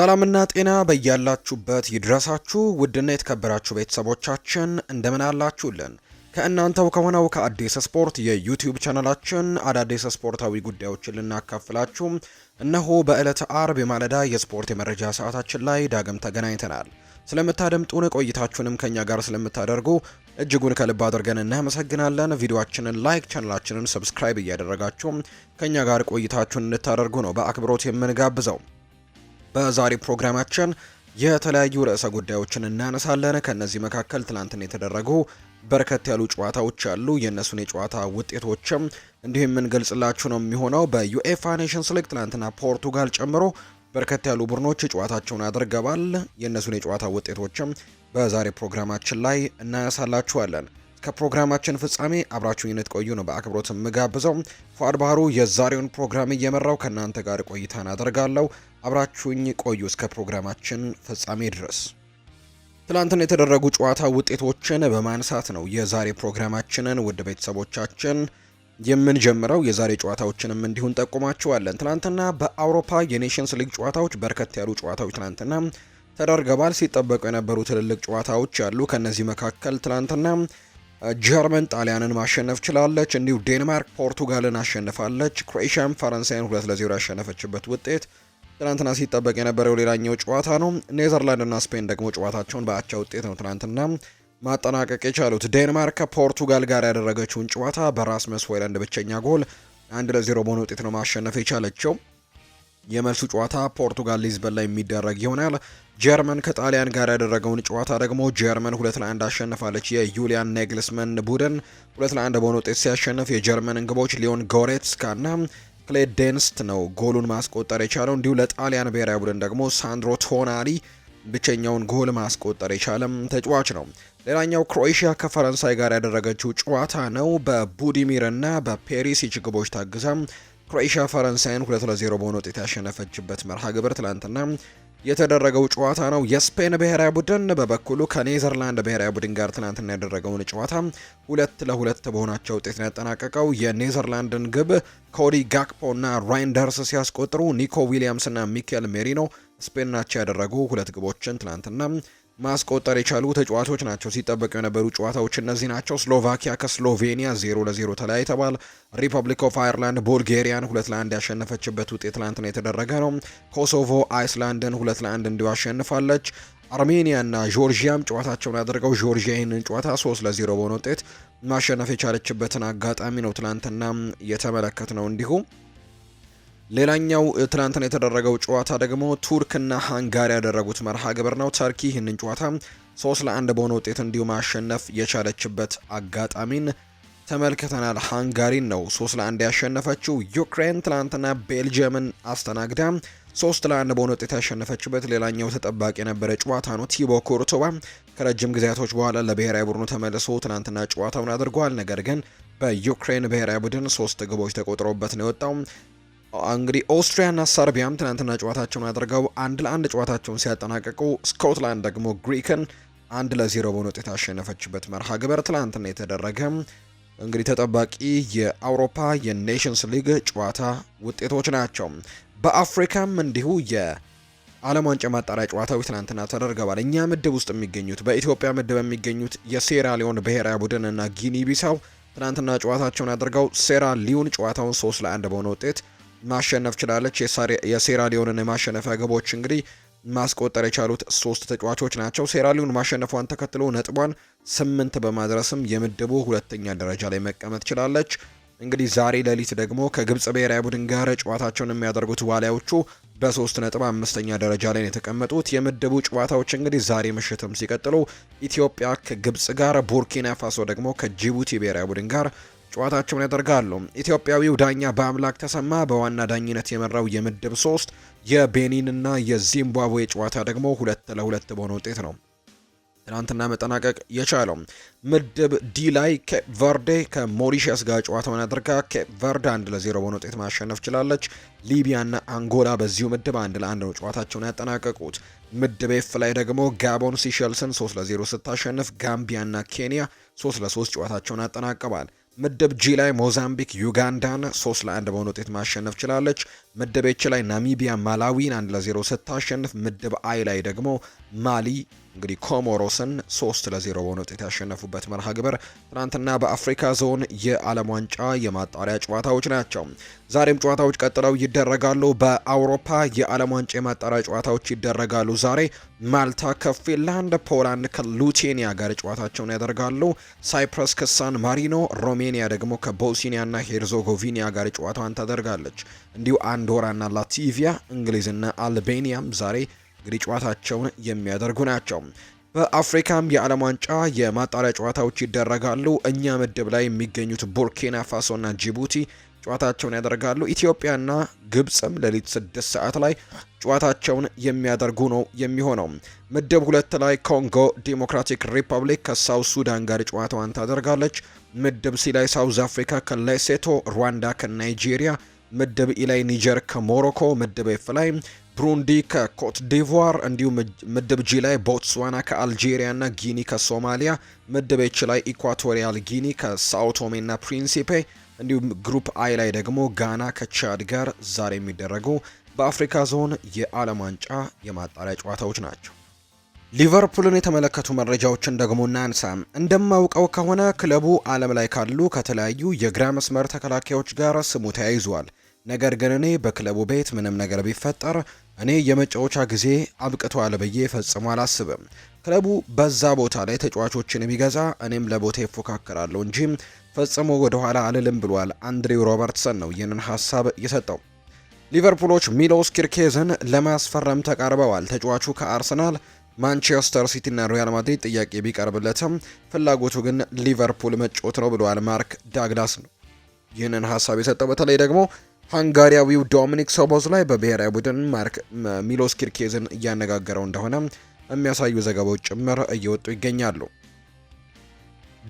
ሰላምና ጤና በያላችሁበት ይድረሳችሁ ውድና የተከበራችሁ ቤተሰቦቻችን እንደምን አላችሁልን? ከእናንተው ከሆነው ከአዲስ ስፖርት የዩቲዩብ ቻናላችን አዳዲስ ስፖርታዊ ጉዳዮችን ልናካፍላችሁ እነሆ በዕለተ አርብ የማለዳ የስፖርት የመረጃ ሰዓታችን ላይ ዳግም ተገናኝተናል። ስለምታደምጡን ቆይታችሁንም ከኛ ጋር ስለምታደርጉ እጅጉን ከልብ አድርገን እናመሰግናለን። ቪዲዮችንን ላይክ፣ ቻናላችንን ሰብስክራይብ እያደረጋችሁ ከኛ ጋር ቆይታችሁን እንድታደርጉ ነው በአክብሮት የምንጋብዘው። በዛሬ ፕሮግራማችን የተለያዩ ርዕሰ ጉዳዮችን እናነሳለን። ከእነዚህ መካከል ትናንትን የተደረጉ በርከት ያሉ ጨዋታዎች አሉ። የእነሱን የጨዋታ ውጤቶችም እንዲሁ የምንገልጽላችሁ ነው የሚሆነው። በዩኤፋ ኔሽንስ ሊግ ትናንትና ፖርቱጋል ጨምሮ በርከት ያሉ ቡድኖች ጨዋታቸውን አድርገዋል። የእነሱን የጨዋታ ውጤቶችም በዛሬ ፕሮግራማችን ላይ እናነሳላችኋለን። ከፕሮግራማችን ፍጻሜ አብራችሁኝ ልትቆዩ ነው በአክብሮት የምጋብዘው። ፏድ ባህሩ የዛሬውን ፕሮግራም እየመራው ከእናንተ ጋር ቆይታን አደርጋለሁ። አብራችሁኝ ቆዩ እስከ ፕሮግራማችን ፍጻሜ ድረስ። ትላንትና የተደረጉ ጨዋታ ውጤቶችን በማንሳት ነው የዛሬ ፕሮግራማችንን ውድ ቤተሰቦቻችን የምንጀምረው የዛሬ ጨዋታዎችንም እንዲሁን ጠቁማችኋለን። ትናንትና በአውሮፓ የኔሽንስ ሊግ ጨዋታዎች በርከት ያሉ ጨዋታዎች ትናንትና ተደርገባል። ሲጠበቁ የነበሩ ትልልቅ ጨዋታዎች አሉ። ከእነዚህ መካከል ትናንትና ጀርመን ጣሊያንን ማሸነፍ ችላለች። እንዲሁ ዴንማርክ ፖርቱጋልን አሸንፋለች። ክሮኤሽያም ፈረንሳይን ሁለት ለዜሮ ያሸነፈችበት ውጤት ትናንትና ሲጠበቅ የነበረው ሌላኛው ጨዋታ ነው። ኔዘርላንድና ስፔን ደግሞ ጨዋታቸውን በአቻ ውጤት ነው ትናንትና ማጠናቀቅ የቻሉት። ዴንማርክ ከፖርቱጋል ጋር ያደረገችውን ጨዋታ በራስመስ ሆይሉንድ ብቸኛ ጎል አንድ ለዜሮ በሆነ ውጤት ነው ማሸነፍ የቻለችው። የመልሱ ጨዋታ ፖርቱጋል ሊዝበን ላይ የሚደረግ ይሆናል። ጀርመን ከጣሊያን ጋር ያደረገውን ጨዋታ ደግሞ ጀርመን ሁለት ለአንድ አሸንፋለች። የዩሊያን ኔግልስመን ቡድን ሁለት ለአንድ በሆነ ውጤት ሲያሸንፍ የጀርመን ግቦች ሊዮን ጎሬትስካ ና ክሌ ዴንስት ነው ጎሉን ማስቆጠር የቻለው። እንዲሁ ለጣሊያን ብሔራዊ ቡድን ደግሞ ሳንድሮ ቶናሊ ብቸኛውን ጎል ማስቆጠር የቻለም ተጫዋች ነው። ሌላኛው ክሮኤሽያ ከፈረንሳይ ጋር ያደረገችው ጨዋታ ነው። በቡዲሚር ና በፔሪሲች ግቦች ታግዛም ክሮኤሽያ ፈረንሳይን ሁለት ለዜሮ በሆነ ውጤት ያሸነፈችበት መርሃ ግብር ትላንትና የተደረገው ጨዋታ ነው። የስፔን ብሔራዊ ቡድን በበኩሉ ከኔዘርላንድ ብሔራዊ ቡድን ጋር ትናንትና ያደረገውን ጨዋታ ሁለት ለሁለት በሆናቸው ውጤት ያጠናቀቀው። የኔዘርላንድን ግብ ኮዲ ጋክፖ እና ራይንደርስ ሲያስቆጥሩ ኒኮ ዊሊያምስ እና ሚኬል ሜሪኖ ስፔን ናቸው ያደረጉ ሁለት ግቦችን ትናንትና ማስቆጠር የቻሉ ተጫዋቾች ናቸው። ሲጠበቁ የነበሩ ጨዋታዎች እነዚህ ናቸው። ስሎቫኪያ ከስሎቬኒያ ዜሮ ለዜሮ ተለያይተዋል። ሪፐብሊክ ኦፍ አይርላንድ ቡልጌሪያን ሁለት ለአንድ ያሸነፈችበት ውጤት ትላንትና የተደረገ ነው። ኮሶቮ አይስላንድን ሁለት ለአንድ እንዲሁ አሸንፋለች። አርሜኒያና ጆርጂያም ጨዋታቸውን አድርገው ጆርጂያ ይህንን ጨዋታ ሶስት ለዜሮ በሆነ ውጤት ማሸነፍ የቻለችበትን አጋጣሚ ነው ትላንትና የተመለከት ነው እንዲሁ ሌላኛው ትናንትና የተደረገው ጨዋታ ደግሞ ቱርክና ሃንጋሪ ያደረጉት መርሃ ግብር ነው። ተርኪ ይህንን ጨዋታ ሶስት ለአንድ በሆነ ውጤት እንዲሁ ማሸነፍ የቻለችበት አጋጣሚን ተመልክተናል። ሃንጋሪን ነው ሶስት ለአንድ ያሸነፈችው። ዩክሬን ትናንትና ቤልጅየምን አስተናግዳ ሶስት ለአንድ በሆነ ውጤት ያሸነፈችበት ሌላኛው ተጠባቂ የነበረ ጨዋታ ነው። ቲቦ ኩርቱባ ከረጅም ጊዜያቶች በኋላ ለብሔራዊ ቡድኑ ተመልሶ ትናንትና ጨዋታውን አድርጓል። ነገር ግን በዩክሬን ብሔራዊ ቡድን ሶስት ግቦች ተቆጥሮበት ነው የወጣው። እንግዲህ ኦስትሪያና ሰርቢያም ትናንትና ጨዋታቸውን አድርገው አንድ ለአንድ ጨዋታቸውን ሲያጠናቀቁ ስኮትላንድ ደግሞ ግሪክን አንድ ለዜሮ በሆነ ውጤት አሸነፈችበት መርሃ ግበር ትናንትና የተደረገ እንግዲህ ተጠባቂ የአውሮፓ የኔሽንስ ሊግ ጨዋታ ውጤቶች ናቸው። በአፍሪካም እንዲሁ የዓለም ዋንጫ ማጣሪያ ጨዋታዎች ትናንትና ተደርገዋል። እኛ ምድብ ውስጥ የሚገኙት በኢትዮጵያ ምድብ የሚገኙት ሊዮን ብሔራዊ ቡድን እና ጊኒ ቢሳው ትናንትና ጨዋታቸውን አድርገው ሴራ ሊዮን ጨዋታውን ሶስት ለአንድ በሆነ ውጤት ማሸነፍ ችላለች። የሴራሊዮንን የማሸነፊያ ግቦች እንግዲህ ማስቆጠር የቻሉት ሶስት ተጫዋቾች ናቸው። ሴራሊዮን ማሸነፏን ተከትሎ ነጥቧን ስምንት በማድረስም የምድቡ ሁለተኛ ደረጃ ላይ መቀመጥ ችላለች። እንግዲህ ዛሬ ሌሊት ደግሞ ከግብጽ ብሔራዊ ቡድን ጋር ጨዋታቸውን የሚያደርጉት ዋሊያዎቹ በሶስት ነጥብ አምስተኛ ደረጃ ላይ የተቀመጡት የምድቡ ጨዋታዎች እንግዲህ ዛሬ ምሽትም ሲቀጥሉ ኢትዮጵያ ከግብጽ ጋር፣ ቡርኪና ፋሶ ደግሞ ከጅቡቲ ብሔራዊ ቡድን ጋር ጨዋታቸውን ያደርጋሉ። ኢትዮጵያዊው ዳኛ በአምላክ ተሰማ በዋና ዳኝነት የመራው የምድብ ሶስት የቤኒንና የዚምባብዌ ጨዋታ ደግሞ ሁለት ለሁለት በሆነ ውጤት ነው ትናንትና መጠናቀቅ የቻለው። ምድብ ዲ ላይ ኬፕ ቨርዴ ከሞሪሸስ ጋር ጨዋታውን አድርጋ ኬፕ ቨርዴ አንድ ለዜሮ በሆነ ውጤት ማሸነፍ ችላለች። ሊቢያና አንጎላ በዚሁ ምድብ አንድ ለአንድ ነው ጨዋታቸውን ያጠናቀቁት። ምድብ ኤፍ ላይ ደግሞ ጋቦን ሲሸልስን 3 ለ0 ስታሸንፍ ጋምቢያና ኬንያ 3 ለ3 ጨዋታቸውን አጠናቀዋል። ምድብ ጂ ላይ ሞዛምቢክ ዩጋንዳን ለ1 በሆነ ውጤት ማሸነፍ ችላለች። ምድብ ኤች ላይ ናሚቢያ ማላዊን ለ0 ስታሸንፍ፣ ምድብ አይ ላይ ደግሞ ማሊ እንግዲህ ኮሞሮስን ሶስት ለዜሮ በሆነ ውጤት ያሸነፉበት መርሃ ግብር ትናንትና በአፍሪካ ዞን የዓለም ዋንጫ የማጣሪያ ጨዋታዎች ናቸው። ዛሬም ጨዋታዎች ቀጥለው ይደረጋሉ። በአውሮፓ የዓለም ዋንጫ የማጣሪያ ጨዋታዎች ይደረጋሉ። ዛሬ ማልታ ከፊንላንድ፣ ፖላንድ ከሉቴኒያ ጋር ጨዋታቸውን ያደርጋሉ። ሳይፕረስ ከሳን ማሪኖ፣ ሮሜኒያ ደግሞ ከቦስኒያና ሄርዞጎቪኒያ ጋር ጨዋታዋን ታደርጋለች። እንዲሁ አንዶራና ላቲቪያ፣ እንግሊዝና አልቤኒያም ዛሬ እንግዲህ ጨዋታቸውን የሚያደርጉ ናቸው። በአፍሪካም የዓለም ዋንጫ የማጣሪያ ጨዋታዎች ይደረጋሉ። እኛ ምድብ ላይ የሚገኙት ቡርኪና ፋሶና ጅቡቲ ጨዋታቸውን ያደርጋሉ። ኢትዮጵያና ግብጽም ሌሊት ስድስት ሰዓት ላይ ጨዋታቸውን የሚያደርጉ ነው የሚሆነው። ምድብ ሁለት ላይ ኮንጎ ዲሞክራቲክ ሪፐብሊክ ከሳውት ሱዳን ጋር ጨዋታዋን ታደርጋለች። ምድብ ሲ ላይ ሳውዝ አፍሪካ ከሌሴቶ፣ ሩዋንዳ ከናይጄሪያ፣ ምድብ ኢ ላይ ኒጀር ከሞሮኮ፣ ምድብ ኤፍ ላይ ብሩንዲ ከኮት ዲቮር እንዲሁም ምድብ ጂ ላይ ቦትስዋና ና ጊኒ ከሶማሊያ፣ ምድብ ኤች ላይ ኢኳቶሪያል ጊኒ ና ፕሪንሲፔ እንዲሁም ግሩፕ አይ ላይ ደግሞ ጋና ከቻድ ጋር ዛሬ የሚደረጉ በአፍሪካ ዞን የዓለም ዋንጫ የማጣሪያ ጨዋታዎች ናቸው። ሊቨርፑልን የተመለከቱ መረጃዎችን ደግሞ እናንሳ። እንደማውቀው ከሆነ ክለቡ ዓለም ላይ ካሉ ከተለያዩ የግራ መስመር ተከላካዮች ጋር ስሙ ተያይዟል። ነገር ግን እኔ በክለቡ ቤት ምንም ነገር ቢፈጠር እኔ የመጫወቻ ጊዜ አብቅቷል ብዬ ፈጽሞ አላስብም። ክለቡ በዛ ቦታ ላይ ተጫዋቾችን የሚገዛ እኔም ለቦታ ይፎካከራለሁ እንጂ ፈጽሞ ወደኋላ አልልም ብሏል። አንድሬው ሮበርትሰን ነው ይህንን ሀሳብ የሰጠው። ሊቨርፑሎች ሚሎስ ኪርኬዝን ለማስፈረም ተቃርበዋል። ተጫዋቹ ከአርሰናል ማንቸስተር ሲቲና ሪያል ማድሪድ ጥያቄ ቢቀርብለትም ፍላጎቱ ግን ሊቨርፑል መጫወት ነው ብለዋል። ማርክ ዳግላስ ነው ይህንን ሀሳብ የሰጠው። በተለይ ደግሞ ሃንጋሪያዊው ዶሚኒክ ሶቦዝ ላይ በብሔራዊ ቡድን ማርክ ሚሎስ ኪርኬዝን እያነጋገረው እንደሆነ የሚያሳዩ ዘገባዎች ጭምር እየወጡ ይገኛሉ።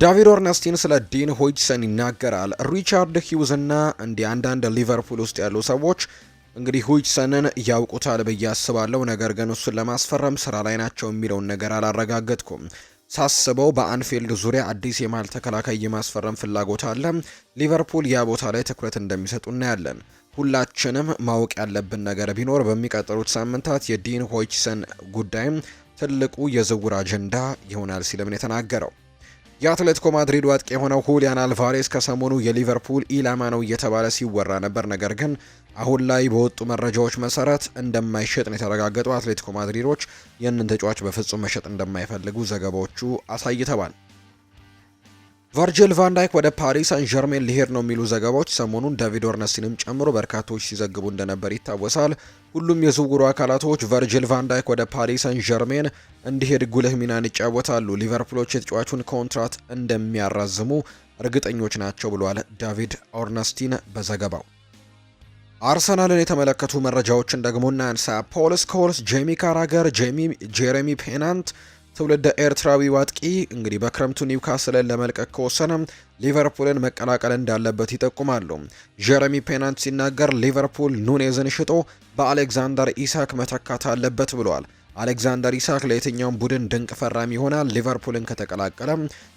ዳቪድ ኦርነስቲን ስለ ዲን ሆጅሰን ይናገራል። ሪቻርድ ሂውዝ እና እንዲህ አንዳንድ ሊቨርፑል ውስጥ ያሉ ሰዎች እንግዲህ ሆጅሰንን ያውቁታል ብዬ አስባለሁ፣ ነገር ግን እሱን ለማስፈረም ስራ ላይ ናቸው የሚለውን ነገር አላረጋገጥኩም። ሳስበው በአንፊልድ ዙሪያ አዲስ የመሃል ተከላካይ የማስፈረም ፍላጎት አለ። ሊቨርፑል ያ ቦታ ላይ ትኩረት እንደሚሰጡ እናያለን። ሁላችንም ማወቅ ያለብን ነገር ቢኖር በሚቀጥሉት ሳምንታት የዲን ሆይችሰን ጉዳይም ትልቁ የዝውውር አጀንዳ ይሆናል ሲልም የተናገረው። የአትሌቲኮ ማድሪድ አጥቂ የሆነው ሁሊያን አልቫሬስ ከሰሞኑ የሊቨርፑል ኢላማ ነው እየተባለ ሲወራ ነበር። ነገር ግን አሁን ላይ በወጡ መረጃዎች መሰረት እንደማይሸጥ የተረጋገጡ አትሌቲኮ ማድሪዶች ይህንን ተጫዋች በፍጹም መሸጥ እንደማይፈልጉ ዘገባዎቹ አሳይተዋል። ቨርጅል ቫንዳይክ ወደ ፓሪስ ሳን ዠርሜን ሊሄድ ነው የሚሉ ዘገባዎች ሰሞኑን ዳቪድ ኦርነስቲንም ጨምሮ በርካቶች ሲዘግቡ እንደነበር ይታወሳል። ሁሉም የዝውውሩ አካላቶች ቨርጅል ቫንዳይክ ወደ ፓሪስ ሳን ዠርሜን እንዲሄድ ጉልህ ሚናን ይጫወታሉ፣ ሊቨርፑሎች የተጫዋቹን ኮንትራት እንደሚያራዝሙ እርግጠኞች ናቸው ብሏል ዳቪድ ኦርነስቲን በዘገባው። አርሰናልን የተመለከቱ መረጃዎችን ደግሞ እናንሳ። ፖል ስኮልስ፣ ጄሚ ካራገር፣ ጄሬሚ ፔናንት ትውልደ ኤርትራዊ ዋጥቂ እንግዲህ በክረምቱ ኒውካስልን ለመልቀቅ ከወሰነ ሊቨርፑልን መቀላቀል እንዳለበት ይጠቁማሉ። ጀረሚ ፔናንት ሲናገር ሊቨርፑል ኑኔዝን ሽጦ በአሌክዛንደር ኢሳክ መተካት አለበት ብሏል። አሌክዛንደር ኢሳክ ለየትኛውም ቡድን ድንቅ ፈራሚ ይሆናል። ሊቨርፑልን ከተቀላቀለ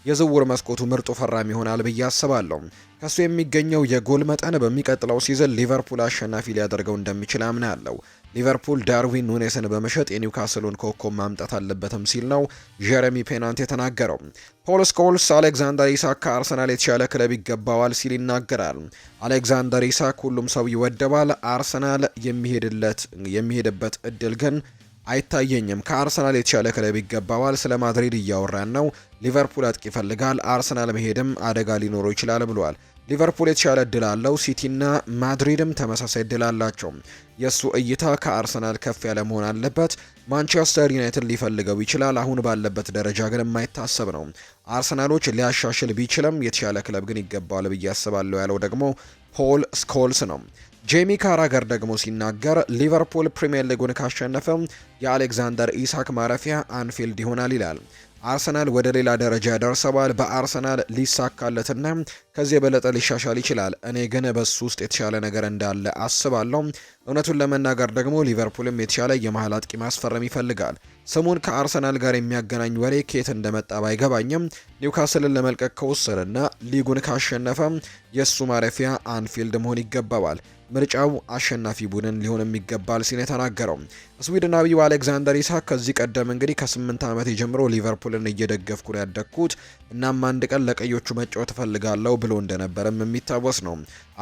የዝውውር መስኮቱ ምርጡ ፈራሚ ይሆናል ብዬ አስባለሁ። ከሱ የሚገኘው የጎል መጠን በሚቀጥለው ሲዝን ሊቨርፑል አሸናፊ ሊያደርገው እንደሚችል አምናለሁ። ሊቨርፑል ዳርዊን ኑኔስን በመሸጥ የኒውካስሉን ኮከብ ማምጣት አለበትም ሲል ነው ጀረሚ ፔናንት የተናገረው። ፖል ስኮልስ አሌክዛንደር ኢሳክ ከአርሰናል የተሻለ ክለብ ይገባዋል ሲል ይናገራል። አሌክዛንደር ኢሳክ ሁሉም ሰው ይወደባል። አርሰናል የሚሄድበት እድል ግን አይታየኝም። ከአርሰናል የተሻለ ክለብ ይገባዋል። ስለ ማድሪድ እያወራን ነው። ሊቨርፑል አጥቂ ይፈልጋል። አርሰናል መሄድም አደጋ ሊኖረው ይችላል ብሏል። ሊቨርፑል የተሻለ እድል አለው። ሲቲና ማድሪድም ተመሳሳይ እድል አላቸው። የእሱ እይታ ከአርሰናል ከፍ ያለ መሆን አለበት። ማንቸስተር ዩናይትድ ሊፈልገው ይችላል። አሁን ባለበት ደረጃ ግን የማይታሰብ ነው። አርሰናሎች ሊያሻሽል ቢችልም የተሻለ ክለብ ግን ይገባዋል ብዬ አስባለሁ ያለው ደግሞ ፖል ስኮልስ ነው። ጄሚ ካራገር ደግሞ ሲናገር ሊቨርፑል ፕሪምየር ሊጉን ካሸነፈ የአሌክዛንደር ኢሳክ ማረፊያ አንፊልድ ይሆናል ይላል። አርሰናል ወደ ሌላ ደረጃ ደርሰዋል። በአርሰናል ሊሳካለትና ከዚህ የበለጠ ሊሻሻል ይችላል። እኔ ግን በሱ ውስጥ የተሻለ ነገር እንዳለ አስባለሁ። እውነቱን ለመናገር ደግሞ ሊቨርፑልም የተሻለ የመሀል አጥቂ ማስፈረም ይፈልጋል። ስሙን ከአርሰናል ጋር የሚያገናኝ ወሬ ኬት እንደመጣ ባይገባኝም ኒውካስልን ለመልቀቅ ከወሰንና ሊጉን ካሸነፈ የእሱ ማረፊያ አንፊልድ መሆን ይገባዋል። ምርጫው አሸናፊ ቡድን ሊሆንም ይገባል ሲል የተናገረው ስዊድናዊው አሌክዛንደር ኢሳክ ከዚህ ቀደም እንግዲህ ከስምንት ዓመት ጀምሮ ሊቨርፑልን እየደገፍኩ ነው ያደግኩት፣ እናም አንድ ቀን ለቀዮቹ መጫወት እፈልጋለሁ ብሎ እንደነበረም የሚታወስ ነው።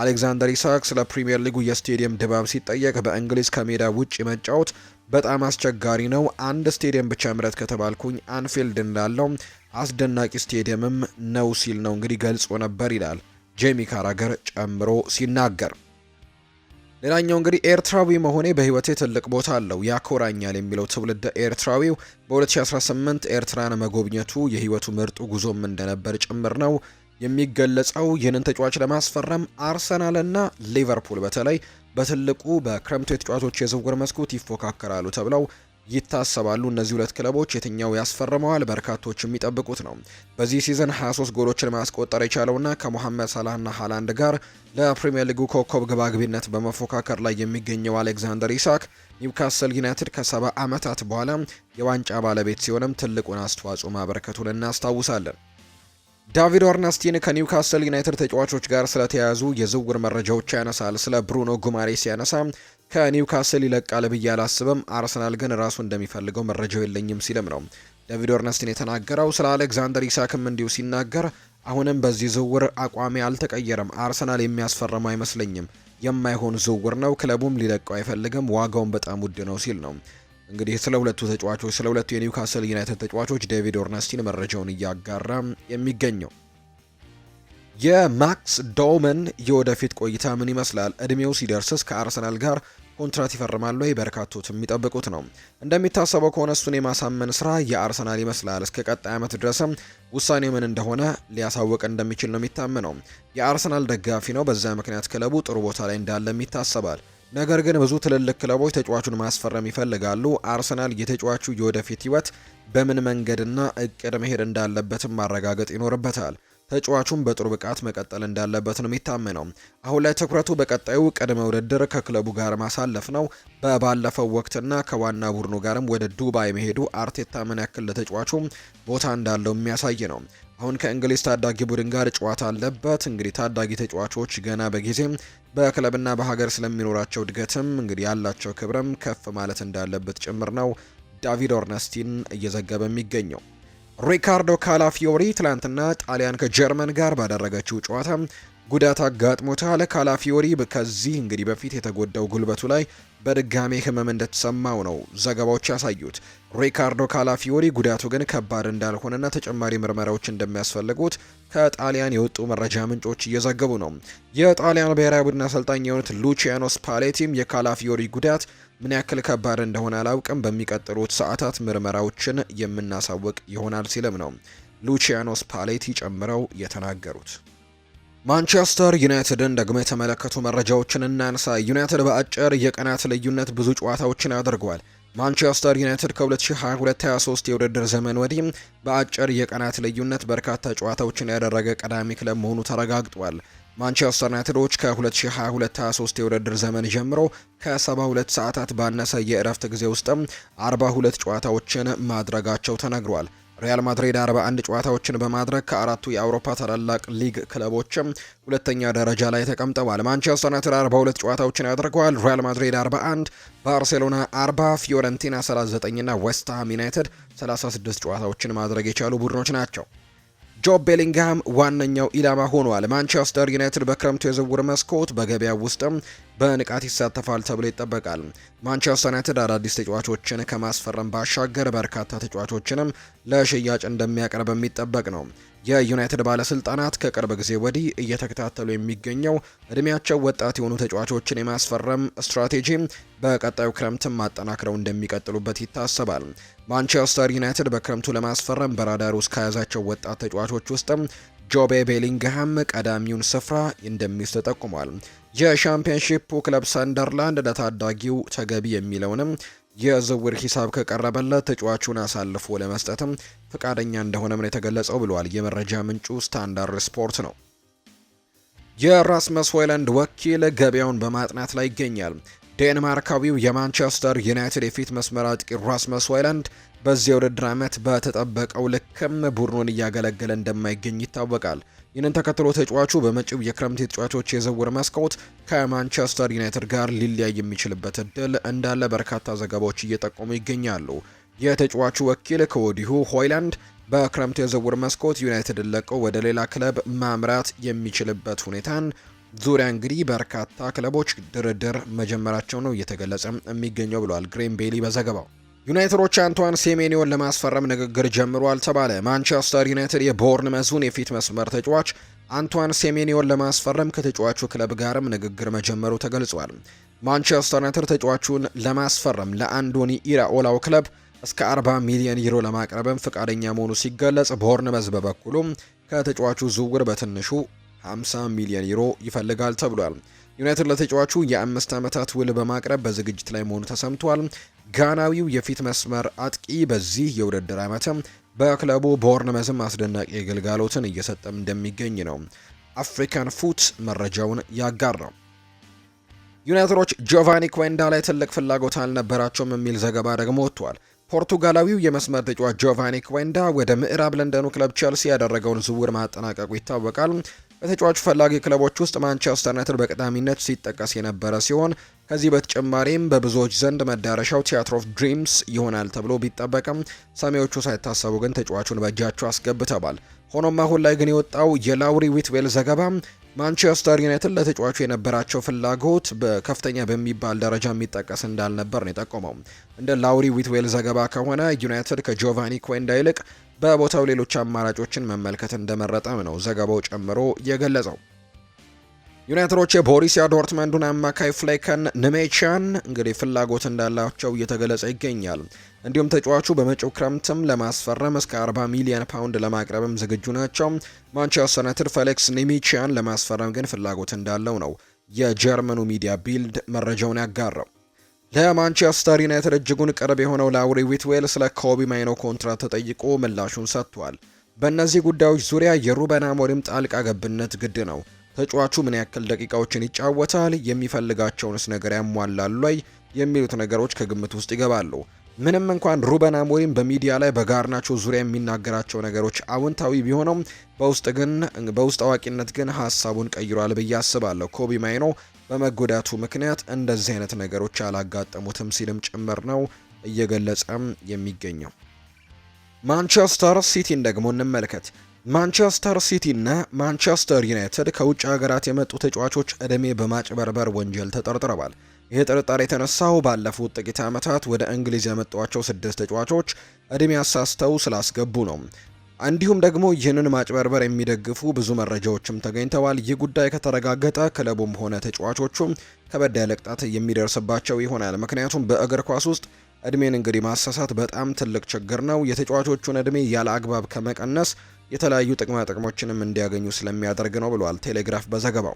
አሌክዛንደር ኢሳክ ስለ ፕሪምየር ሊጉ የስቴዲየም ድባብ ሲጠ ሲጠየቅ በእንግሊዝ ከሜዳ ውጭ መጫወት በጣም አስቸጋሪ ነው። አንድ ስቴዲየም ብቻ ምረት ከተባልኩኝ አንፊልድ እንዳለው አስደናቂ ስቴዲየምም ነው ሲል ነው እንግዲህ ገልጾ ነበር ይላል ጄሚ ካራገር ጨምሮ ሲናገር። ሌላኛው እንግዲህ ኤርትራዊ መሆኔ በህይወቴ ትልቅ ቦታ አለው ያኮራኛል የሚለው ትውልደ ኤርትራዊው በ2018 ኤርትራን መጎብኘቱ የህይወቱ ምርጡ ጉዞም እንደነበር ጭምር ነው የሚገለጸው ይህንን ተጫዋች ለማስፈረም አርሰናልና ሊቨርፑል በተለይ በትልቁ በክረምቱ የተጫዋቾች የዝውውር መስኮት ይፎካከራሉ ተብለው ይታሰባሉ። እነዚህ ሁለት ክለቦች የትኛው ያስፈርመዋል በርካቶች የሚጠብቁት ነው። በዚህ ሲዝን 23 ጎሎችን ማስቆጠር የቻለውና ከሞሐመድ ሳላህና ሃላንድ ጋር ለፕሪምየር ሊጉ ኮከብ ግባግቢነት በመፎካከር ላይ የሚገኘው አሌክዛንደር ኢሳክ ኒውካስል ዩናይትድ ከሰባ ዓመታት በኋላ የዋንጫ ባለቤት ሲሆንም ትልቁን አስተዋጽኦ ማበረከቱን እናስታውሳለን። ዳቪድ ኦርነስቲን ከኒውካስል ዩናይትድ ተጫዋቾች ጋር ስለተያያዙ የዝውውር መረጃዎች ያነሳል። ስለ ብሩኖ ጉማሬስ ሲያነሳ ከኒውካስል ይለቃል ብዬ አላስብም፣ አርሰናል ግን ራሱ እንደሚፈልገው መረጃው የለኝም ሲልም ነው ዳቪድ ኦርነስቲን የተናገረው። ስለ አሌክዛንደር ኢሳክም እንዲሁ ሲናገር አሁንም በዚህ ዝውውር አቋሚ አልተቀየረም። አርሰናል የሚያስፈርመው አይመስለኝም። የማይሆን ዝውውር ነው። ክለቡም ሊለቀው አይፈልግም። ዋጋውን በጣም ውድ ነው ሲል ነው እንግዲህ ስለ ሁለቱ ተጫዋቾች ስለ ሁለቱ የኒውካስል ዩናይትድ ተጫዋቾች ዴቪድ ኦርነስቲን መረጃውን እያጋራ የሚገኘው የማክስ ዶውመን የወደፊት ቆይታ ምን ይመስላል? እድሜው ሲደርስስ ከአርሰናል ጋር ኮንትራት ይፈርማሉ ወይ? የሚጠብቁት ነው። እንደሚታሰበው ከሆነ እሱን የማሳመን ስራ የአርሰናል ይመስላል። እስከ ቀጣይ ዓመት ድረስም ውሳኔው ምን እንደሆነ ሊያሳውቅ እንደሚችል ነው የሚታመነው። የአርሰናል ደጋፊ ነው። በዛ ምክንያት ክለቡ ጥሩ ቦታ ላይ እንዳለም ይታሰባል። ነገር ግን ብዙ ትልልቅ ክለቦች ተጫዋቹን ማስፈረም ይፈልጋሉ። አርሰናል የተጫዋቹ የወደፊት ህይወት በምን መንገድና እቅድ መሄድ እንዳለበትም ማረጋገጥ ይኖርበታል። ተጫዋቹም በጥሩ ብቃት መቀጠል እንዳለበት ነው የሚታመነው። አሁን ላይ ትኩረቱ በቀጣዩ ቅድመ ውድድር ከክለቡ ጋር ማሳለፍ ነው። በባለፈው ወቅትና ከዋና ቡድኑ ጋርም ወደ ዱባይ መሄዱ አርቴታ ምን ያክል ለተጫዋቹ ቦታ እንዳለው የሚያሳይ ነው። አሁን ከእንግሊዝ ታዳጊ ቡድን ጋር ጨዋታ አለበት። እንግዲህ ታዳጊ ተጫዋቾች ገና በጊዜም በክለብና በሀገር ስለሚኖራቸው እድገትም እንግዲህ ያላቸው ክብርም ከፍ ማለት እንዳለበት ጭምር ነው ዳቪድ ኦርነስቲን እየዘገበ የሚገኘው። ሪካርዶ ካላፊዮሪ ትላንትና ጣሊያን ከጀርመን ጋር ባደረገችው ጨዋታ ጉዳት አጋጥሞታል። ካላፊዮሪ ከዚህ እንግዲህ በፊት የተጎዳው ጉልበቱ ላይ በድጋሜ ህመም እንደተሰማው ነው ዘገባዎች ያሳዩት። ሪካርዶ ካላፊዮሪ ጉዳቱ ግን ከባድ እንዳልሆነና ተጨማሪ ምርመራዎች እንደሚያስፈልጉት ከጣሊያን የወጡ መረጃ ምንጮች እየዘገቡ ነው። የጣሊያን ብሔራዊ ቡድን አሰልጣኝ የሆኑት ሉቺያኖ ስፓሌቲም የካላፊዮሪ ጉዳት ምን ያክል ከባድ እንደሆነ አላውቅም። በሚቀጥሉት ሰዓታት ምርመራዎችን የምናሳውቅ ይሆናል ሲልም ነው ሉቺያኖ ስፓሌቲ ጨምረው የተናገሩት። ማንቸስተር ዩናይትድን ደግሞ የተመለከቱ መረጃዎችን እናንሳ። ዩናይትድ በአጭር የቀናት ልዩነት ብዙ ጨዋታዎችን አድርጓል። ማንቸስተር ዩናይትድ ከ2022/23 የውድድር ዘመን ወዲህ በአጭር የቀናት ልዩነት በርካታ ጨዋታዎችን ያደረገ ቀዳሚ ክለብ መሆኑ ተረጋግጧል። ማንቸስተር ዩናይትዶች ከ2022/23 የውድድር ዘመን ጀምሮ ከ72 ሰዓታት ባነሰ የእረፍት ጊዜ ውስጥም 42 ጨዋታዎችን ማድረጋቸው ተነግሯል። ሪያል ማድሪድ 41 ጨዋታዎችን በማድረግ ከአራቱ የአውሮፓ ታላላቅ ሊግ ክለቦችም ሁለተኛ ደረጃ ላይ ተቀምጠዋል። ማንቸስተር ዩናይትድ 42 ጨዋታዎችን ያደርገዋል፣ ሪያል ማድሪድ 41፣ ባርሴሎና 40፣ ፊዮረንቲና 39 እና ዌስትሃም ዩናይትድ 36 ጨዋታዎችን ማድረግ የቻሉ ቡድኖች ናቸው። ጆብ ቤሊንግሃም ዋነኛው ኢላማ ሆኗል። ማንቸስተር ዩናይትድ በክረምቱ የዝውውር መስኮት በገበያ ውስጥም በንቃት ይሳተፋል ተብሎ ይጠበቃል። ማንቸስተር ዩናይትድ አዳዲስ ተጫዋቾችን ከማስፈረም ባሻገር በርካታ ተጫዋቾችንም ለሽያጭ እንደሚያቀርብ የሚጠበቅ ነው። የዩናይትድ ባለስልጣናት ከቅርብ ጊዜ ወዲህ እየተከታተሉ የሚገኘው እድሜያቸው ወጣት የሆኑ ተጫዋቾችን የማስፈረም ስትራቴጂ በቀጣዩ ክረምትም አጠናክረው እንደሚቀጥሉበት ይታሰባል። ማንቸስተር ዩናይትድ በክረምቱ ለማስፈረም በራዳር ውስጥ ከያዛቸው ወጣት ተጫዋቾች ውስጥም ጆቤ ቤሊንግሃም ቀዳሚውን ስፍራ እንደሚይዝ ተጠቁሟል። የሻምፒየንሺፑ ክለብ ሰንደርላንድ ለታዳጊው ተገቢ የሚለውንም የዝውውር ሂሳብ ከቀረበለት ተጫዋቹን አሳልፎ ለመስጠትም ፈቃደኛ እንደሆነም ነው የተገለጸው ብለዋል የመረጃ ምንጩ ስታንዳርድ ስፖርት ነው። የራስመስ ሆይለንድ ወኪል ገበያውን በማጥናት ላይ ይገኛል። ዴንማርካዊው የማንቸስተር ዩናይትድ የፊት መስመር አጥቂ ራስመስ ሆይላንድ በዚህ የውድድር ዓመት በተጠበቀው ልክም ቡድኑን እያገለገለ እንደማይገኝ ይታወቃል። ይህንን ተከትሎ ተጫዋቹ በመጪው የክረምት የተጫዋቾች የዝውውር መስኮት ከማንቸስተር ዩናይትድ ጋር ሊለያይ የሚችልበት እድል እንዳለ በርካታ ዘገባዎች እየጠቆሙ ይገኛሉ። የተጫዋቹ ወኪል ከወዲሁ ሆይላንድ በክረምቱ የዝውውር መስኮት ዩናይትድን ለቆ ወደ ሌላ ክለብ ማምራት የሚችልበት ሁኔታን ዙሪያ እንግዲህ በርካታ ክለቦች ድርድር መጀመራቸው ነው እየተገለጸ የሚገኘው ብለዋል ግሬን ቤሊ በዘገባው። ዩናይትዶች አንቷን ሴሜኒዮን ለማስፈረም ንግግር ጀምሯል ተባለ። ማንቸስተር ዩናይትድ መዝን የፊት መስመር ተጫዋች አንቷን ሴሜኒዮን ለማስፈረም ከተጫዋቹ ክለብ ጋርም ንግግር መጀመሩ ተገልጿል። ማንቸስተር ዩናይትድ ተጫዋቹን ለማስፈረም ለአንዶኒ ኢራኦላው ክለብ እስከ 40 ሚሊዮን ዩሮ ለማቅረብም ፈቃደኛ መሆኑ ሲገለጽ ቦርንመዝ በበኩሉም ከተጫዋቹ ዝውውር በትንሹ 50 ሚሊዮን ዩሮ ይፈልጋል ተብሏል። ዩናይትድ ለተጫዋቹ የአምስት ዓመታት ውል በማቅረብ በዝግጅት ላይ መሆኑ ተሰምቷል። ጋናዊው የፊት መስመር አጥቂ በዚህ የውድድር ዓመትም በክለቡ ቦርንመዝም አስደናቂ ግልጋሎትን እየሰጠም እንደሚገኝ ነው አፍሪካን ፉት መረጃውን ያጋራው። ዩናይትዶች ጆቫኒ ኩዌንዳ ላይ ትልቅ ፍላጎት አልነበራቸውም የሚል ዘገባ ደግሞ ወጥቷል። ፖርቱጋላዊው የመስመር ተጫዋች ጆቫኒ ኩዌንዳ ወደ ምዕራብ ለንደኑ ክለብ ቼልሲ ያደረገውን ዝውውር ማጠናቀቁ ይታወቃል። በተጫዋቹ ፈላጊ ክለቦች ውስጥ ማንቸስተር ዩናይትድ በቀዳሚነት ሲጠቀስ የነበረ ሲሆን ከዚህ በተጨማሪም በብዙዎች ዘንድ መዳረሻው ቲያትር ኦፍ ድሪምስ ይሆናል ተብሎ ቢጠበቅም ሰሚዎቹ ሳይታሰቡ ግን ተጫዋቹን በእጃቸው አስገብተዋል። ሆኖም አሁን ላይ ግን የወጣው የላውሪ ዊትዌል ዘገባ ማንቸስተር ዩናይትድ ለተጫዋቹ የነበራቸው ፍላጎት በከፍተኛ በሚባል ደረጃ የሚጠቀስ እንዳልነበር ነው የጠቆመው። እንደ ላውሪ ዊትዌል ዘገባ ከሆነ ዩናይትድ ከጆቫኒ ኮንዳ ይልቅ በቦታው ሌሎች አማራጮችን መመልከት እንደመረጠም ነው ዘገባው ጨምሮ የገለጸው። ዩናይትዶች የቦሪሲያ ዶርትመንዱን አማካይ ፍሌከን ንሜቻን እንግዲህ ፍላጎት እንዳላቸው እየተገለጸ ይገኛል። እንዲሁም ተጫዋቹ በመጪው ክረምትም ለማስፈረም እስከ 40 ሚሊዮን ፓውንድ ለማቅረብም ዝግጁ ናቸው። ማንቸስተር ዩናይትድ ፌሌክስ ኒሜቻን ለማስፈረም ግን ፍላጎት እንዳለው ነው የጀርመኑ ሚዲያ ቢልድ መረጃውን ያጋራው። ለማንቸስተር ዩናይትድ እጅጉን ቅርብ የሆነው ላውሪ ዊትዌል ስለ ኮቢ ማይኖ ኮንትራት ተጠይቆ ምላሹን ሰጥቷል። በእነዚህ ጉዳዮች ዙሪያ የሩበን አሞሪም ጣልቃ ገብነት ግድ ነው። ተጫዋቹ ምን ያክል ደቂቃዎችን ይጫወታል፣ የሚፈልጋቸውንስ ነገር ያሟላሉ ላይ የሚሉት ነገሮች ከግምት ውስጥ ይገባሉ። ምንም እንኳን ሩበን አሞሪም በሚዲያ ላይ በጋርናቾ ዙሪያ የሚናገራቸው ነገሮች አውንታዊ ቢሆኑም በውስጥ ግን በውስጥ አዋቂነት ግን ሀሳቡን ቀይሯል ብዬ አስባለሁ። ኮቢ ማይኖ በመጎዳቱ ምክንያት እንደዚህ አይነት ነገሮች አላጋጠሙትም ሲልም ጭምር ነው እየገለጸም የሚገኘው። ማንቸስተር ሲቲን ደግሞ እንመልከት። ማንቸስተር ሲቲ ማንቸስተር ዩናይትድ ከውጭ ሀገራት የመጡ ተጫዋቾች ዕድሜ በማጭበርበር ወንጀል ተጠርጥረዋል። ይህ ጥርጣሬ የተነሳው ባለፉት ጥቂት ዓመታት ወደ እንግሊዝ ያመጧቸው ስድስት ተጫዋቾች ዕድሜ አሳስተው ስላስገቡ ነው። እንዲሁም ደግሞ ይህንን ማጭበርበር የሚደግፉ ብዙ መረጃዎችም ተገኝተዋል። ይህ ጉዳይ ከተረጋገጠ ክለቡም ሆነ ተጫዋቾቹም ከበድ ያለ ቅጣት የሚደርስባቸው ይሆናል። ምክንያቱም በእግር ኳስ ውስጥ እድሜን እንግዲህ ማሳሳት በጣም ትልቅ ችግር ነው። የተጫዋቾቹን እድሜ ያለ አግባብ ከመቀነስ የተለያዩ ጥቅማ ጥቅሞችንም እንዲያገኙ ስለሚያደርግ ነው ብሏል ቴሌግራፍ በዘገባው።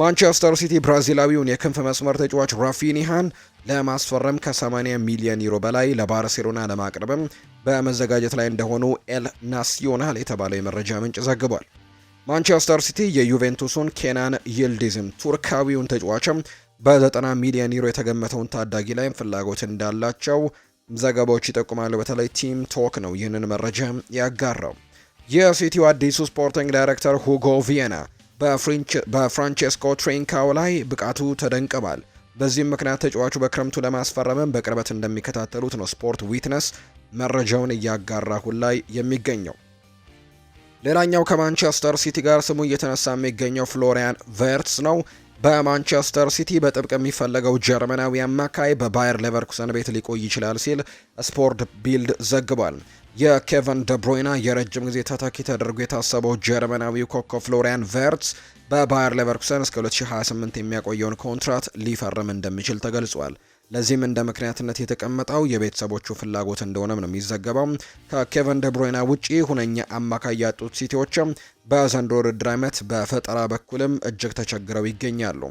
ማንቸስተር ሲቲ ብራዚላዊውን የክንፍ መስመር ተጫዋች ራፊኒሃን ለማስፈረም ከ80 ሚሊዮን ዩሮ በላይ ለባርሴሎና ለማቅረብም በመዘጋጀት ላይ እንደሆኑ ኤል ናሲዮናል የተባለው የመረጃ ምንጭ ዘግቧል። ማንቸስተር ሲቲ የዩቬንቱሱን ኬናን ይልዲዝም ቱርካዊውን ተጫዋችም በ90 ሚሊዮን ዩሮ የተገመተውን ታዳጊ ላይም ፍላጎት እንዳላቸው ዘገባዎች ይጠቁማሉ። በተለይ ቲም ቶክ ነው ይህንን መረጃ ያጋራው። የሲቲው አዲሱ ስፖርቲንግ ዳይሬክተር ሁጎ ቪየና በፍራንቼስኮ ትሬንካው ላይ ብቃቱ ተደንቅባል። በዚህም ምክንያት ተጫዋቹ በክረምቱ ለማስፈረምም በቅርበት እንደሚከታተሉት ነው ስፖርት ዊትነስ መረጃውን እያጋራ ላይ የሚገኘው። ሌላኛው ከማንቸስተር ሲቲ ጋር ስሙ እየተነሳ የሚገኘው ፍሎሪያን ቨርትስ ነው። በማንቸስተር ሲቲ በጥብቅ የሚፈለገው ጀርመናዊ አማካይ በባየር ሌቨርኩሰን ቤት ሊቆይ ይችላል ሲል ስፖርት ቢልድ ዘግቧል። የኬቨን ደብሮይና የረጅም ጊዜ ተተኪ ተደርጎ የታሰበው ጀርመናዊው ኮኮ ፍሎሪያን ቨርትስ በባየር ሌቨርኩሰን እስከ 2028 የሚያቆየውን ኮንትራት ሊፈርም እንደሚችል ተገልጿል። ለዚህም እንደ ምክንያትነት የተቀመጠው የቤተሰቦቹ ፍላጎት እንደሆነም ነው የሚዘገበው። ከኬቨን ደብሮይና ውጪ ሁነኛ አማካይ ያጡት ሲቲዎችም በዘንድሮ ውድድር ዓመት በፈጠራ በኩልም እጅግ ተቸግረው ይገኛሉ።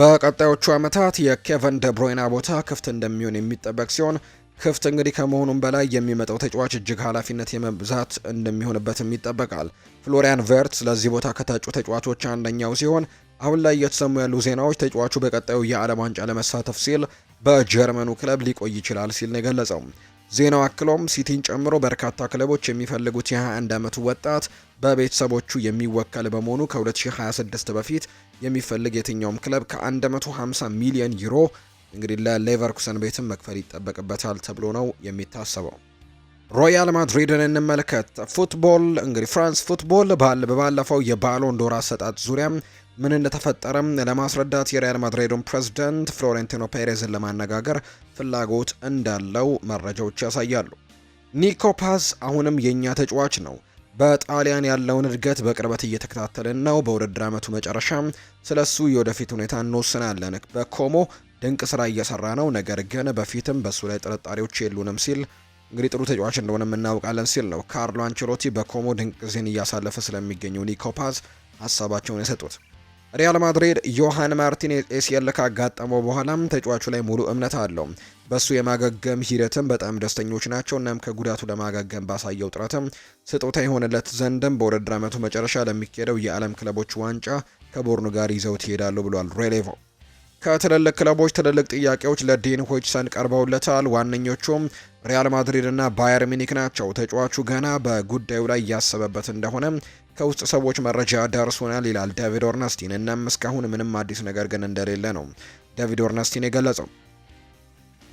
በቀጣዮቹ ዓመታት የኬቨን ደብሮይና ቦታ ክፍት እንደሚሆን የሚጠበቅ ሲሆን ክፍት እንግዲህ ከመሆኑም በላይ የሚመጣው ተጫዋች እጅግ ኃላፊነት የመብዛት እንደሚሆንበትም ይጠበቃል። ፍሎሪያን ቨርትስ ለዚህ ቦታ ከታጩ ተጫዋቾች አንደኛው ሲሆን አሁን ላይ እየተሰሙ ያሉ ዜናዎች ተጫዋቹ በቀጣዩ የዓለም ዋንጫ ለመሳተፍ ሲል በጀርመኑ ክለብ ሊቆይ ይችላል ሲል ነው የገለጸው። ዜናው አክሎም ሲቲን ጨምሮ በርካታ ክለቦች የሚፈልጉት የ21 ዓመቱ ወጣት በቤተሰቦቹ የሚወከል በመሆኑ ከ2026 በፊት የሚፈልግ የትኛውም ክለብ ከ150 ሚሊዮን ዩሮ እንግዲህ ለሌቨርኩሰን ቤትም መክፈል ይጠበቅበታል ተብሎ ነው የሚታሰበው። ሮያል ማድሪድን እንመልከት። ፉትቦል እንግዲህ ፍራንስ ፉትቦል በባለፈው የባሎን ዶር አሰጣጥ ዙሪያ ምን እንደተፈጠረም ለማስረዳት የሪያል ማድሪዱን ፕሬዝዳንት ፍሎሬንቲኖ ፔሬዝን ለማነጋገር ፍላጎት እንዳለው መረጃዎች ያሳያሉ። ኒኮፓስ አሁንም የእኛ ተጫዋች ነው። በጣሊያን ያለውን እድገት በቅርበት እየተከታተልን ነው። በውድድር ዓመቱ መጨረሻ ስለ እሱ የወደፊት ሁኔታ እንወስናለን። በኮሞ ድንቅ ስራ እየሰራ ነው። ነገር ግን በፊትም በእሱ ላይ ጥርጣሬዎች የሉንም ሲል እንግዲህ ጥሩ ተጫዋች እንደሆነ እናውቃለን ሲል ነው ካርሎ አንቸሎቲ በኮሞ ድንቅ ጊዜን እያሳለፈ ስለሚገኘው ኒኮፓዝ ሀሳባቸውን የሰጡት። ሪያል ማድሪድ ዮሃን ማርቲን ኤሲኤል ካጋጠመው በኋላም ተጫዋቹ ላይ ሙሉ እምነት አለው። በእሱ የማገገም ሂደትም በጣም ደስተኞች ናቸው። እናም ከጉዳቱ ለማገገም ባሳየው ጥረትም ስጦታ የሆነለት ዘንድም በውድድር ዓመቱ መጨረሻ ለሚካሄደው የዓለም ክለቦች ዋንጫ ከቦርኑ ጋር ይዘው ትሄዳሉ ብሏል ሬሌቮ ከትልልቅ ክለቦች ትልልቅ ጥያቄዎች ለዲን ሆችሰን ቀርበውለታል። ዋነኞቹም ሪያል ማድሪድ እና ባየር ሚኒክ ናቸው። ተጫዋቹ ገና በጉዳዩ ላይ እያሰበበት እንደሆነ ከውስጥ ሰዎች መረጃ ደርሶናል ይላል ዳቪድ ኦርነስቲን። እናም እስካሁን ምንም አዲስ ነገር ግን እንደሌለ ነው ዳቪድ ኦርነስቲን የገለጸው።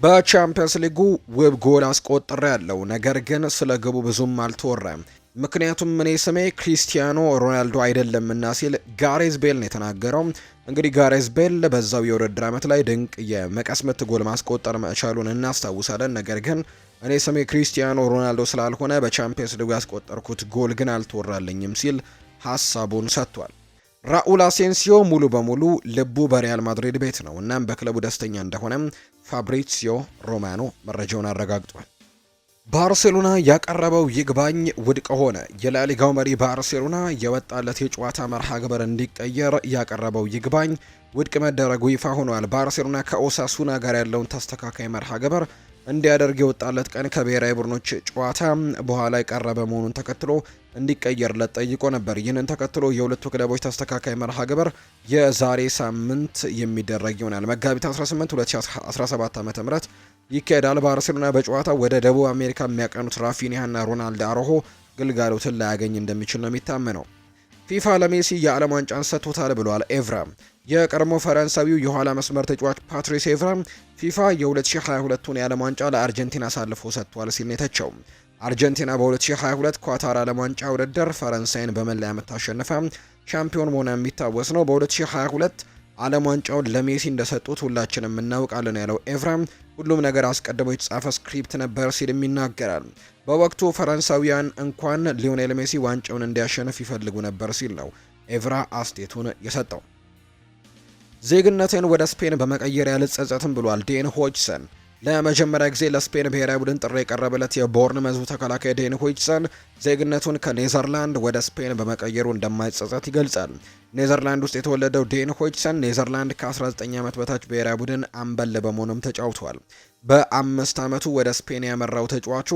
በቻምፒየንስ ሊጉ ውብ ጎል አስቆጥሬ ያለው ነገር ግን ስለ ግቡ ብዙም አልተወራም ምክንያቱም እኔ ስሜ ክሪስቲያኖ ሮናልዶ አይደለምና ሲል ጋሬዝ ቤል ነው የተናገረው። እንግዲህ ጋሬዝ ቤል በዛው የውድድር ዓመት ላይ ድንቅ የመቀስ ምት ጎል ማስቆጠር መቻሉን እናስታውሳለን። ነገር ግን እኔ ስሜ ክሪስቲያኖ ሮናልዶ ስላልሆነ በቻምፒየንስ ሊግ ያስቆጠርኩት ጎል ግን አልተወራልኝም ሲል ሀሳቡን ሰጥቷል። ራኡል አሴንሲዮ ሙሉ በሙሉ ልቡ በሪያል ማድሪድ ቤት ነው። እናም በክለቡ ደስተኛ እንደሆነም ፋብሪሲዮ ሮማኖ መረጃውን አረጋግጧል። ባርሴሎና ያቀረበው ይግባኝ ውድቅ ሆነ። የላሊጋው መሪ ባርሴሎና የወጣለት የጨዋታ መርሃ ግብር እንዲቀየር ያቀረበው ይግባኝ ውድቅ መደረጉ ይፋ ሆኗል። ባርሴሎና ከኦሳሱና ጋር ያለውን ተስተካካይ መርሃ ግብር እንዲያደርግ የወጣለት ቀን ከብሔራዊ ቡድኖች ጨዋታ በኋላ የቀረበ መሆኑን ተከትሎ እንዲቀየርለት ጠይቆ ነበር። ይህንን ተከትሎ የሁለቱ ክለቦች ተስተካካይ መርሃ ግብር የዛሬ ሳምንት የሚደረግ ይሆናል። መጋቢት 18 2017 ዓ ም ይካሄዳል። ባርሴሎና በጨዋታ ወደ ደቡብ አሜሪካ የሚያቀኑት ራፊኒያና ሮናልድ አሮሆ ግልጋሎትን ላያገኝ እንደሚችል ነው የሚታመነው። ፊፋ ለሜሲ የዓለም ዋንጫን ሰጥቶታል ብሏል ኤቭራ። የቀድሞ ፈረንሳዊው የኋላ መስመር ተጫዋች ፓትሪስ ኤቭራ ፊፋ የ2022ቱን የዓለም ዋንጫ ለአርጀንቲና አሳልፎ ሰጥቷል ሲል ነው አርጀንቲና በ2022 ኳታር ዓለም ዋንጫ ውድድር ፈረንሳይን በመለያ ምት አሸንፋ ሻምፒዮን መሆኗ የሚታወስ ነው። በ2022 ዓለም ዋንጫውን ለሜሲ እንደሰጡት ሁላችንም እናውቃለን ያለው ኤቭራም ሁሉም ነገር አስቀድሞ የተጻፈ ስክሪፕት ነበር ሲልም ይናገራል። በወቅቱ ፈረንሳዊያን እንኳን ሊዮኔል ሜሲ ዋንጫውን እንዲያሸንፍ ይፈልጉ ነበር ሲል ነው ኤቭራ አስቴቱን የሰጠው። ዜግነቴን ወደ ስፔን በመቀየር ያልጸጸትም ብሏል ዴን ሆችሰን። ለመጀመሪያ ጊዜ ለስፔን ብሔራዊ ቡድን ጥሪ የቀረበለት የቦርን መዝቡ ተከላካይ ዴን ሆይችሰን ዜግነቱን ከኔዘርላንድ ወደ ስፔን በመቀየሩ እንደማይጸጸት ይገልጻል። ኔዘርላንድ ውስጥ የተወለደው ዴን ሆይችሰን ኔዘርላንድ ከ19 ዓመት በታች ብሔራዊ ቡድን አምበል በመሆኑም ተጫውቷል። በአምስት ዓመቱ ወደ ስፔን ያመራው ተጫዋቹ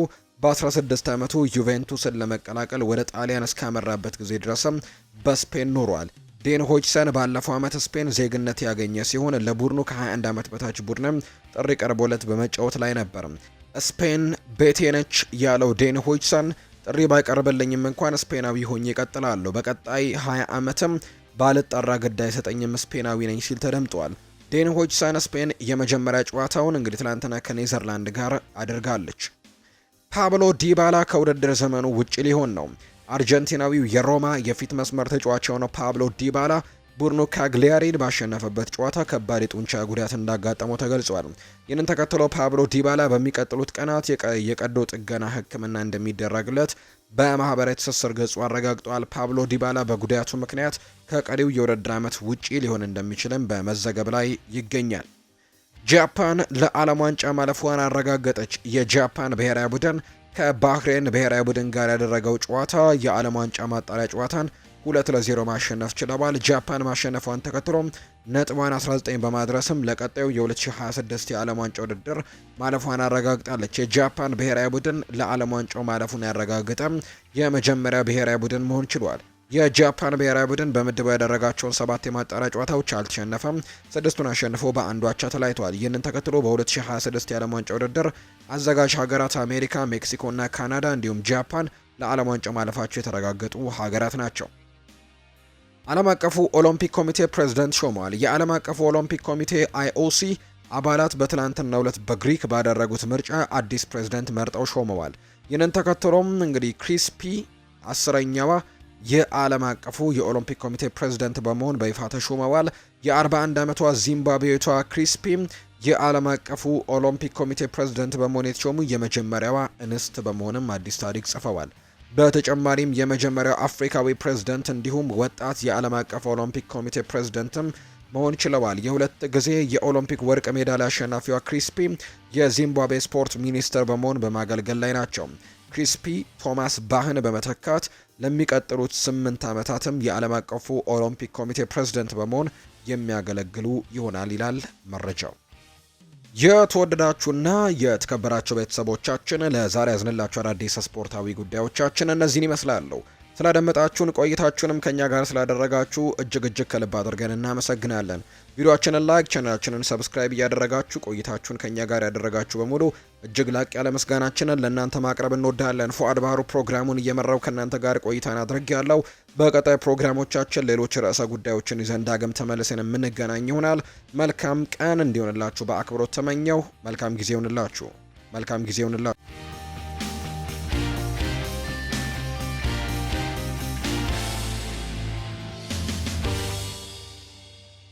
በ16 ዓመቱ ዩቬንቱስን ለመቀላቀል ወደ ጣሊያን እስካመራበት ጊዜ ድረስም በስፔን ኖሯል። ዴን ሆጅሰን ባለፈው ዓመት ስፔን ዜግነት ያገኘ ሲሆን ለቡድኑ ከ21 ዓመት በታች ቡድንም ጥሪ ቀርቦለት በመጫወት ላይ ነበር። ስፔን ቤቴ ነች ያለው ዴን ሆጅሰን ጥሪ ባይቀርብልኝም እንኳን ስፔናዊ ሆኜ ይቀጥላለሁ። በቀጣይ 20 ዓመትም ባልጠራ ግድ አይሰጠኝም፣ ስፔናዊ ነኝ ሲል ተደምጧል። ዴን ሆችሰን ስፔን የመጀመሪያ ጨዋታውን እንግዲህ ትላንትና ከኔዘርላንድ ጋር አድርጋለች። ፓብሎ ዲባላ ከውድድር ዘመኑ ውጪ ሊሆን ነው። አርጀንቲናዊው የሮማ የፊት መስመር ተጫዋች የሆነው ፓብሎ ዲባላ ቡድኑ ካግሊያሪን ባሸነፈበት ጨዋታ ከባድ የጡንቻ ጉዳት እንዳጋጠመው ተገልጿል። ይህንን ተከትሎ ፓብሎ ዲባላ በሚቀጥሉት ቀናት የቀዶ ጥገና ሕክምና እንደሚደረግለት በማህበራዊ ትስስር ገጹ አረጋግጧል። ፓብሎ ዲባላ በጉዳቱ ምክንያት ከቀሪው የውድድር ዓመት ውጪ ሊሆን እንደሚችልም በመዘገብ ላይ ይገኛል። ጃፓን ለዓለም ዋንጫ ማለፏን አረጋገጠች። የጃፓን ብሔራዊ ቡድን ከባህሬን ብሔራዊ ቡድን ጋር ያደረገው ጨዋታ የዓለም ዋንጫ ማጣሪያ ጨዋታን ሁለት ለዜሮ ማሸነፍ ችለዋል። ጃፓን ማሸነፏን ተከትሎ ነጥቧን 19 በማድረስም ለቀጣዩ የ2026 የዓለም ዋንጫ ውድድር ማለፏን አረጋግጣለች። የጃፓን ብሔራዊ ቡድን ለዓለም ዋንጫው ማለፉን ያረጋገጠ የመጀመሪያ ብሔራዊ ቡድን መሆን ችሏል። የጃፓን ብሔራዊ ቡድን በምድቡ ያደረጋቸውን ሰባት የማጣሪያ ጨዋታዎች አልተሸነፈም፣ ስድስቱን አሸንፎ በአንዱ አቻ ተለያይተዋል። ይህንን ተከትሎ በ2026 የዓለም ዋንጫ ውድድር አዘጋጅ ሀገራት አሜሪካ፣ ሜክሲኮ እና ካናዳ እንዲሁም ጃፓን ለዓለም ዋንጫ ማለፋቸው የተረጋገጡ ሀገራት ናቸው። ዓለም አቀፉ ኦሎምፒክ ኮሚቴ ፕሬዝደንት ሾመዋል። የዓለም አቀፉ ኦሎምፒክ ኮሚቴ አይኦሲ አባላት በትናንትናው ዕለት በግሪክ ባደረጉት ምርጫ አዲስ ፕሬዝደንት መርጠው ሾመዋል። ይህንን ተከትሎም እንግዲህ ክሪስፒ አስረኛዋ የዓለም አቀፉ የኦሎምፒክ ኮሚቴ ፕሬዝደንት በመሆን በይፋ ተሹመዋል። የ41 ዓመቷ ዚምባብዌቷ ክሪስፒ የዓለም አቀፉ ኦሎምፒክ ኮሚቴ ፕሬዝደንት በመሆን የተሾሙ የመጀመሪያዋ እንስት በመሆንም አዲስ ታሪክ ጽፈዋል። በተጨማሪም የመጀመሪያው አፍሪካዊ ፕሬዝደንት እንዲሁም ወጣት የዓለም አቀፍ ኦሎምፒክ ኮሚቴ ፕሬዝደንትም መሆን ችለዋል። የሁለት ጊዜ የኦሎምፒክ ወርቅ ሜዳሊያ አሸናፊዋ ክሪስፒ የዚምባብዌ ስፖርት ሚኒስተር በመሆን በማገልገል ላይ ናቸው። ክሪስፒ ቶማስ ባህን በመተካት ለሚቀጥሉት ስምንት ዓመታትም የዓለም አቀፉ ኦሎምፒክ ኮሚቴ ፕሬዝደንት በመሆን የሚያገለግሉ ይሆናል ይላል መረጃው። የተወደዳችሁና የተከበራችሁ ቤተሰቦቻችን ለዛሬ ያዝንላችሁ አዳዲስ ስፖርታዊ ጉዳዮቻችን እነዚህን ይመስላሉ። ስላደመጣችሁን ቆይታችሁንም ከኛ ጋር ስላደረጋችሁ እጅግ እጅግ ከልብ አድርገን እናመሰግናለን። ቪዲዮአችንን ላይክ፣ ቻናላችንን ሰብስክራይብ እያደረጋችሁ ቆይታችሁን ከኛ ጋር ያደረጋችሁ በሙሉ እጅግ ላቅ ያለ ምስጋናችንን ለእናንተ ማቅረብ እንወዳለን። ፉአድ ባህሩ ፕሮግራሙን እየመራው ከእናንተ ጋር ቆይታን አድርግ ያለው። በቀጣይ ፕሮግራሞቻችን ሌሎች ርዕሰ ጉዳዮችን ይዘን ዳግም ተመልሰን የምንገናኝ ይሆናል። መልካም ቀን እንዲሆንላችሁ በአክብሮት ተመኘው። መልካም ጊዜ ይሆንላችሁ። መልካም ጊዜ ይሆንላችሁ።